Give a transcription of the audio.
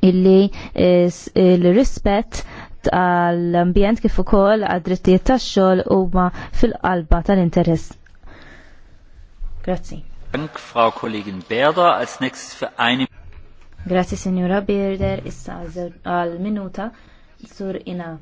illi eh, l-rispett tal-ambjent kif ukoll għad-drittijiet tax-xogħol huma fil-qalba tal-interess. Grazzi. Dank Frau Kollegin Berder als nächstes für eine Grazzi Signora Berder issa għal minuta sur ina.